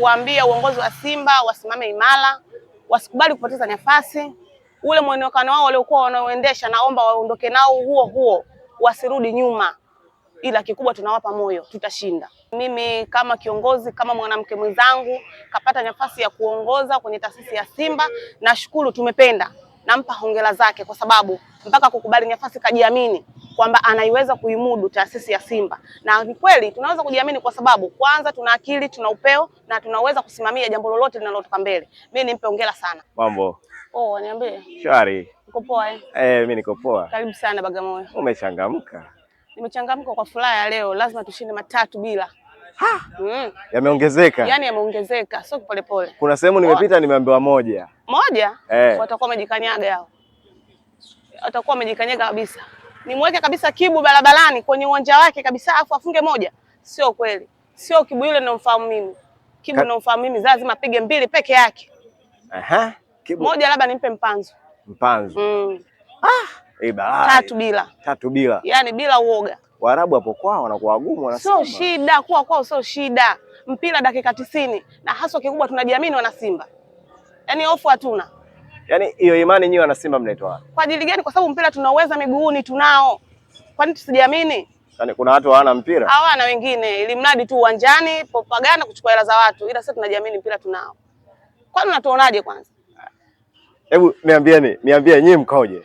kuambia uongozi wa Simba wasimame imara, wasikubali kupoteza nafasi. Ule mwonekano wao waliokuwa wanaoendesha, naomba waondoke nao huo huo, wasirudi nyuma, ila kikubwa tunawapa moyo, tutashinda. Mimi kama kiongozi, kama mwanamke mwenzangu kapata nafasi ya kuongoza kwenye taasisi ya Simba, nashukuru, tumependa, nampa hongera zake kwa sababu mpaka kukubali nafasi kajiamini kwamba anaiweza kuimudu taasisi ya Simba, na ni kweli tunaweza kujiamini kwa sababu kwanza tuna akili, tuna upeo na tunaweza kusimamia jambo lolote linalotoka mbele. Mimi nimpe hongera sana. Mambo oh, niambie. Shwari. Uko poa eh? Eh, mimi niko poa. Karibu sana Bagamoyo. Umechangamka? Nimechangamka kwa furaha ya leo, lazima tushinde matatu bila Mm. Yameongezeka Yaani yameongezeka sio polepole. Kuna sehemu nimepita nimeambiwa moja moja, eh, watakuwa wamejikanyaga yao. watakuwa wamejikanyaga kabisa nimweke kabisa Kibu barabarani kwenye uwanja wake kabisa afu afunge moja, sio kweli. Sio Kibu yule namfahamu mimi. Kibu namfahamu mimi, lazima apige mbili peke yake. Aha, Kibu moja labda nimpe mpanzo mpanzo. Mm. Ah, eh Tatu bila. Tatu bila. yani bila uoga. Waarabu hapo kwao wanakuwa wagumu wanasema. Sio shida kuwa kwao, sio shida. Mpira dakika tisini na haswa kikubwa tunajiamini wana Simba. Yaani hofu hatuna. Yaani hiyo imani nyinyi wana wanasimba mnaitoa kwa ajili gani? Kwa sababu mpira tunaweza miguuni, tunao. Kwa nini tusijiamini? Yaani kuna watu hawana mpira, hawana wengine, ili mradi tu uwanjani popagana kuchukua hela za watu, ila sisi tunajiamini, mpira tunao. Kwani unatuonaje? Kwanza hebu niambieni, niambie nyinyi mkoje?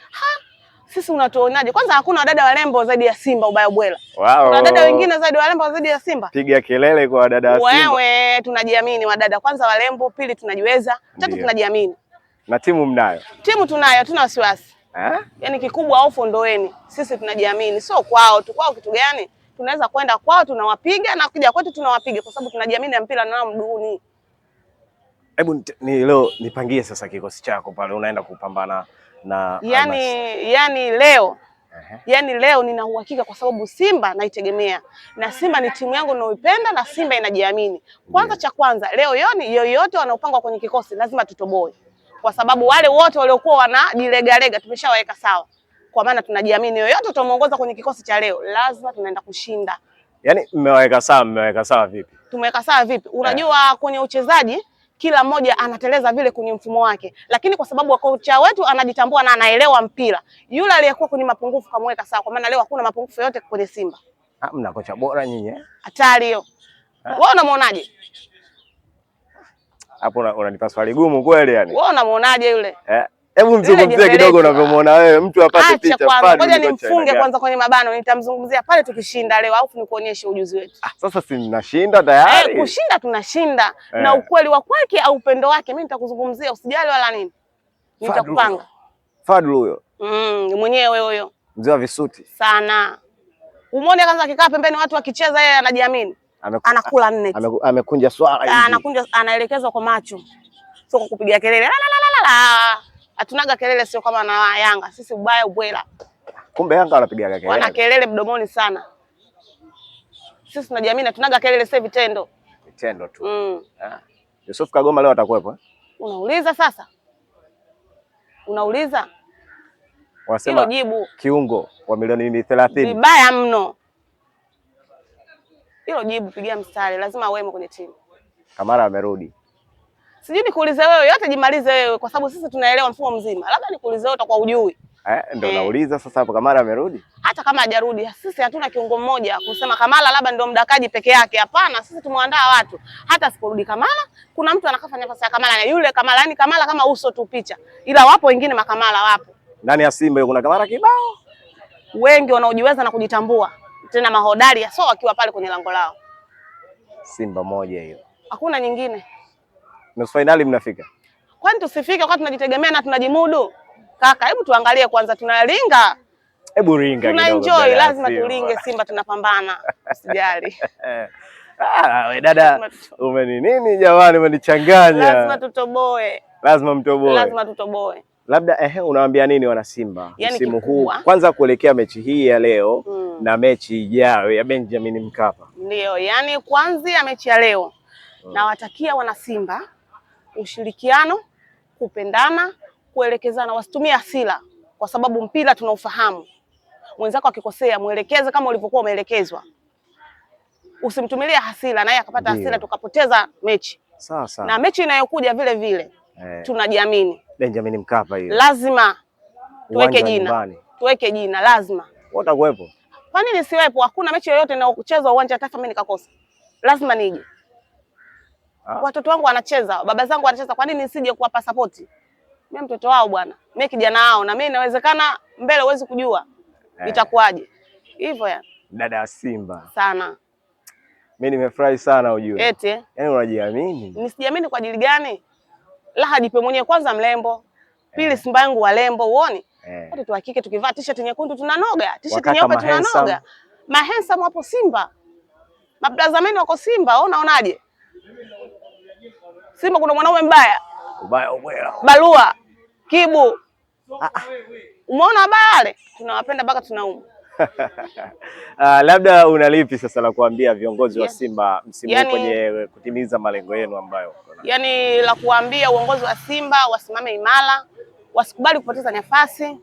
Sisi unatuonaje? Kwanza hakuna wadada warembo zaidi ya Simba ubaya bwela. Wow. Kuna wadada wengine zaidi warembo zaidi ya Simba. Piga kelele kwa wadada wa Simba. Wewe tunajiamini wadada, kwanza warembo, pili tunajiweza, tatu tunajiamini. Na timu mnayo? Timu tunayo, tuna wasiwasi. Eh? Yaani kikubwa hofu ndoeni. Sisi tunajiamini, sio kwao tu. Kwao kitu gani? Tunaweza kwenda kwao tunawapiga na kuja kwetu tunawapiga kwa sababu tunajiamini na mpira nao mduni. Hebu ni leo nipangie sasa kikosi chako pale unaenda kupambana na yani, yani leo Uhum. Yaani leo nina uhakika kwa sababu Simba naitegemea na Simba ni timu yangu ninayoipenda na Simba inajiamini. Kwanza yeah. Cha kwanza leo yoni yoyote wanaopangwa kwenye kikosi lazima tutoboe kwa sababu wale wote waliokuwa wanajilegalega tumeshawaweka sawa, kwa maana tunajiamini, yoyote tutamuongoza kwenye kikosi cha leo, lazima tunaenda kushinda. Yaani mmewaweka sawa, mmewaweka sawa vipi? Tumeweka sawa vipi? Eh. Unajua yeah. kwenye uchezaji kila mmoja anateleza vile kwenye mfumo wake, lakini kwa sababu kocha wetu anajitambua na anaelewa mpira, yule aliyekuwa kwenye mapungufu kamweka sawa, kwa maana leo hakuna mapungufu yote kwenye Simba. Ah, mna kocha bora nyinyi, eh? hatari hiyo. Eh. Wewe unamwonaje? hapo unanipa swali gumu kweli yani. Wewe unamuonaje yule? Eh. Hebu mzungumzie kidogo unavyomuona wewe mtu apate picha fulani. Ngoja nimfunge kwanza kwenye mabano nitamzungumzia pale tukishinda leo au nikuonyeshe ujuzi wetu. Ah, sasa si ninashinda tayari. Eh, kushinda tunashinda eh. Na ukweli wa kwake au upendo wake mimi nitakuzungumzia usijali wala nini. Nitakupanga. Fadlu huyo. Mm, mwenyewe huyo. Mzee wa visuti. Sana. Umeona kwanza akikaa pembeni watu wakicheza yeye anajiamini anakula nne, amekunja swala ah, hivi, anakunja anaelekezwa kwa macho, sio kwa kupiga kelele. atunaga kelele, sio kama na Yanga sisi, ubaya ubwela. Kumbe Yanga wanapiga kelele, wana kelele mdomoni sana. Sisi tunajiamini, tunaga kelele, sasa vitendo, vitendo tu mm. Ah. Yusuf Kagoma leo atakuwepo, eh? unauliza sasa, unauliza wanasema kiungo wa milioni 30. Vibaya mno. Hilo jibu, pigia mstari, lazima wemo kwenye timu. Kamara amerudi, sijui nikuulize wewe, yote jimalize wewe, kwa sababu sisi tunaelewa mfumo mzima, labda nikuulize wewe, utakuwa ujui. Eh, ndio eh. nauliza sasa hapo, Kamara amerudi. Hata kama hajarudi, sisi hatuna kiungo mmoja kusema Kamara labda ndio mdakaji peke yake. Hapana, sisi tumeandaa watu. Hata siporudi Kamara, kuna mtu anakafanya nafasi ya Kamara na yule Kamara, yani Kamara kama uso tu picha, ila wapo wengine makamara wapo. ndani ya Simba Kuna Kamara kibao, wengi wanaojiweza na kujitambua tena mahodari hasa wakiwa pale kwenye lango lao. Simba moja hiyo, hakuna nyingine. Nusu fainali mnafika, kwani tusifike? Kwa tunajitegemea na tunajimudu. Kaka, hebu tuangalie kwanza, tunalinga hebu ringa, tuna enjoy, lazima tulinge. Simba tunapambana, usijali. Ah, we dada, umeni nini jamani, umenichanganya. Lazima tutoboe, lazima mtoboe, lazima tutoboe labda ehe, unawaambia nini wanasimba yaani msimu yani huu kwanza kuelekea mechi hii ya leo mm. na mechi ijayo ya Benjamin Mkapa? Ndio, yani ya mechi ya leo mm. nawatakia wanasimba ushirikiano, kupendana, kuelekezana, wasitumie hasira, kwa sababu mpira tunaufahamu. Mwenzako akikosea mwelekeze kama ulivyokuwa umeelekezwa, usimtumilie hasira naye akapata hasira tukapoteza mechi. Sasa na mechi inayokuja vile vile eh. tunajiamini Benjamin Mkapa hiyo. Lazima tuweke jina, tuweke jina lazima. Utakuwepo? Kwa nini siwepo? Hakuna mechi yoyote inayochezwa uwanja Taifa mimi nikakosa. Lazima nije. Ah. Watoto wangu wanacheza, baba zangu wanacheza, kwa nini nisije kuwapa support? Mimi mtoto wao bwana, mimi kijana wao, na mimi inawezekana mbele, huwezi kujua eh, itakuwaje hivyo ya dada Simba sana. Mimi nimefurahi sana ujue, eti yaani unajiamini. Nisijiamini kwa ajili gani? Raha jipe mwenyewe kwanza, mlembo pili, eh. Simba yangu lembo, uone eh. watoto wa kike tukivaa t-shirt nyekundu tunanoga, t-shirt nyeupe tunanoga, mahensam hapo Simba, meni wako Simba. Wewe unaonaje Simba kuna mwanaume mbaya balua kibu? Ah, ah. Umeona baya, wale tunawapenda mpaka tunauma Uh, labda unalipi sasa la kuambia viongozi yeah, wa Simba msimu yani, kwenye kutimiza malengo yenu ambayo yani la kuambia uongozi wa Simba wasimame imara, wasikubali kupoteza nafasi.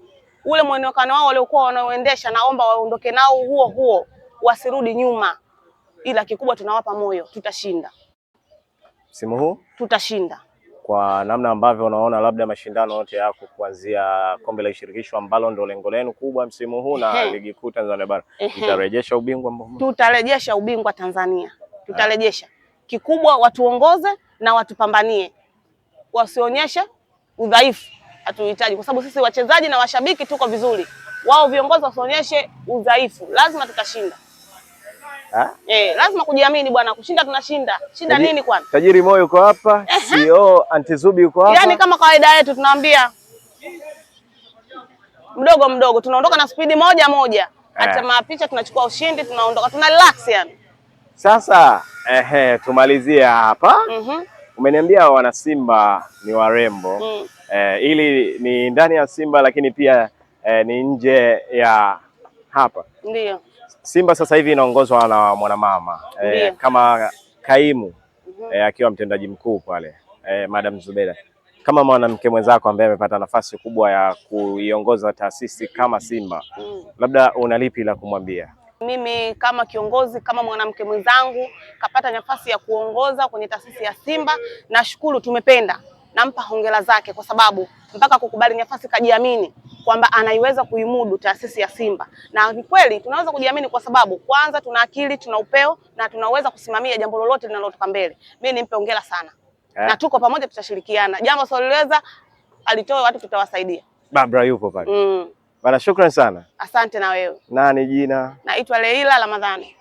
Ule mwenekano wao waliokuwa wanaoendesha, naomba waondoke nao huo huo, wasirudi nyuma, ila kikubwa tunawapa moyo, tutashinda msimu huu, tutashinda kwa namna ambavyo unaona labda mashindano yote yako kuanzia kombe la shirikisho ambalo ndo lengo lenu kubwa msimu huu na ligi kuu Tanzania bara, tutarejesha ubingwa? Tutarejesha ubingwa Tanzania, ah. tutarejesha. Kikubwa watuongoze na watupambanie, wasionyeshe udhaifu, hatuhitaji, kwa sababu sisi wachezaji na washabiki tuko vizuri. Wao viongozi wasionyeshe udhaifu, lazima tutashinda. Eh, lazima kujiamini bwana, kushinda tunashinda. Shida Taji, nini kwani? Tajiri Moyo uko hapa, CEO Anti Zubi uko hapa. Yaani kama kawaida yetu tunaambia mdogo mdogo tunaondoka na spidi moja moja. Hata eh. mapicha tunachukua ushindi tunaondoka. Tuna relax yani. Sasa ehe, tumalizie hapa. Mm -hmm. Umeniambia wana Simba ni warembo. Mm. Eh, ili ni ndani ya Simba lakini pia eh, ni nje ya hapa. Ndiyo. Simba sasa hivi inaongozwa na mwanamama e, kama kaimu e, akiwa mtendaji mkuu pale e, Madam Zubeda kama mwanamke mwenzako ambaye amepata nafasi kubwa ya kuiongoza taasisi kama Simba mm. labda una lipi la kumwambia? Mimi kama kiongozi, kama mwanamke mwenzangu kapata nafasi ya kuongoza kwenye taasisi ya Simba, nashukuru tumependa nampa hongera zake kwa sababu mpaka kukubali nafasi kajiamini kwamba anaiweza kuimudu taasisi ya Simba. Na ni kweli tunaweza kujiamini kwa sababu kwanza tuna akili, tuna upeo na tunaweza kusimamia jambo lolote linalotoka mbele. Mimi nimpe hongera sana eh, na tuko pamoja, tutashirikiana jambo soliweza alitoe watu, tutawasaidia. Babra yupo pale mm. Bana, shukrani sana, asante. Na wewe nani? Jina naitwa Leila Ramadhani.